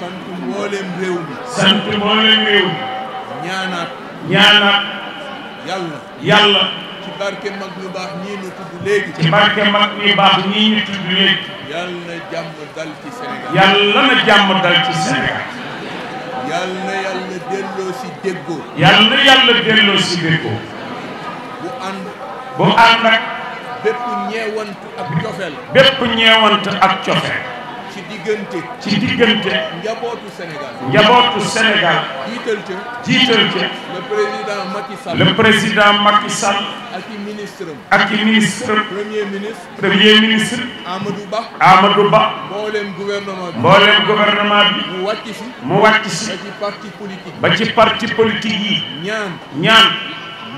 sant mboolem réew mi. sant mboolem réew mi. ñaanaat. ñaanaat. yàlla. yàlla. ci barke mag ñu baax ñii ñu tudd léegi. ci barke mag ñu baax ñii ñu tudd léegi. yàlla na jàmm dal ci Sénégal. yàlla na jàmm dal ci Sénégal. yàlla na yàlla delloo si déggoo. bu ànd. bu ànd ak. bépp ñeewant ak cofeel. bépp ñeewant ak cofeel. ci diggante. ci diggante. njabootu Sénégal. njabootu Sénégal. jiital ca. jiital ca. le président Macky Sall. le ak i ministre ak i ministre premier ministre. premier ministre. Amadou Ba. Amadou Ba. mboolem gouvernement bi. mboolem gouvernement bi. mu wàcc si. mu wàcc si. ba ci parti politique. ba parti politique yi. ñaan. ñaan.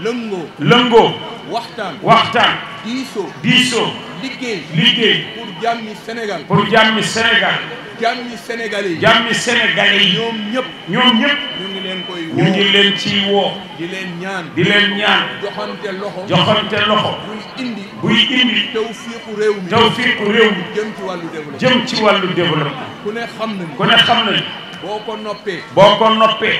lëngoo. lëngoo. waxtaan. waxtaan. diisoo. diisoo. liggéey. liggéey pour jàmmi Sénégal. pour jàmmi Sénégal. jàmmi sénégalais yi. yi. ñoom ñëpp. ñoom ñëpp. ñu leen koy woo ñu ngi leen ciy woo. di leen ñaan. di leen ñaan. joxante loxo. joxante loxo. buy indi. buy indi. tawfiiku réew mi. tawfiiku réew mi. jëm ci wàllu développement. jëm wàllu développement. ku ne xam nañu. ku ne xam nañu. boo ko noppee. boo ko noppee.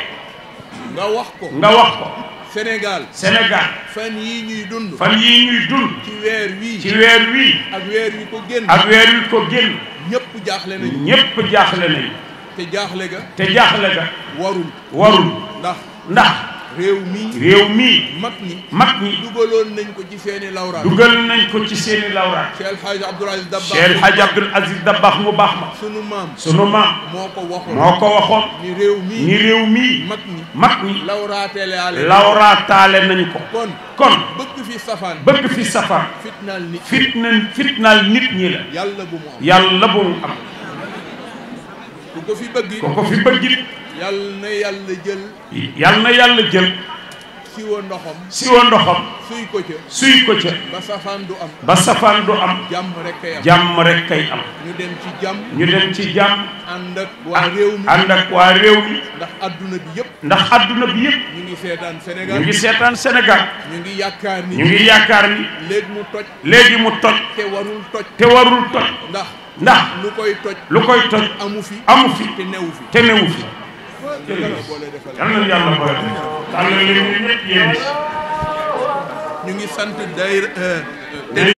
nga wax ko. nga wax ko. Sénégal Sénégal fan yi ñuy dund fan yi ñuy dund ci weer wii ci weer wii ak weer wi ko génn ak weer wi ko génn ñëpp jaaxle nañu ñëpp jaaxle nañu te jaaxle ga te jaaxle ga warul warul ndax ndax réew mii réew mii mag ñi mag ñi dugaloon nañ ko ci seeni lawraat dugal nañ ko ci seeni lawraat Cheikh El Hadj Abdoul Aziz Dabakh Cheikh mu baax ma sunu maam moo ko waxoon moo ko waxoon ni réew mii ni réew mii mag ñi lawraataale nañ ko kon kon bëgg fi safaan bëgg fi fitnaal nit ñi la yàlla bu mu am ko ko fi bëgg yal na yàlla jël. yal na yàlla jël. siwa ndoxam. siwa ndoxam. suy ko ca. suy ko ca. ba safaan du am. ba safaan du am. jàmm rek kay am jàmm ñu dem ci jàmm. ci jàmm. ànd ak waa réew mi ànd ak waa réew mi. ndax adduna bi yëpp. ndax àdduna bi yëpp. ñu ngi seetaan Sénégal ñu ngi seetaan Sénégal. ñu yaakaar ni ñu ngi yaakaar ni. léegi mu toj. léegi mu toj. te warul toj. te warul toj. ndax. ndax lu koy toj. lu koy toj amu fi amu fi te newu fi te newu fi. yàlla na yàlla boole defal. ñu ngi sant day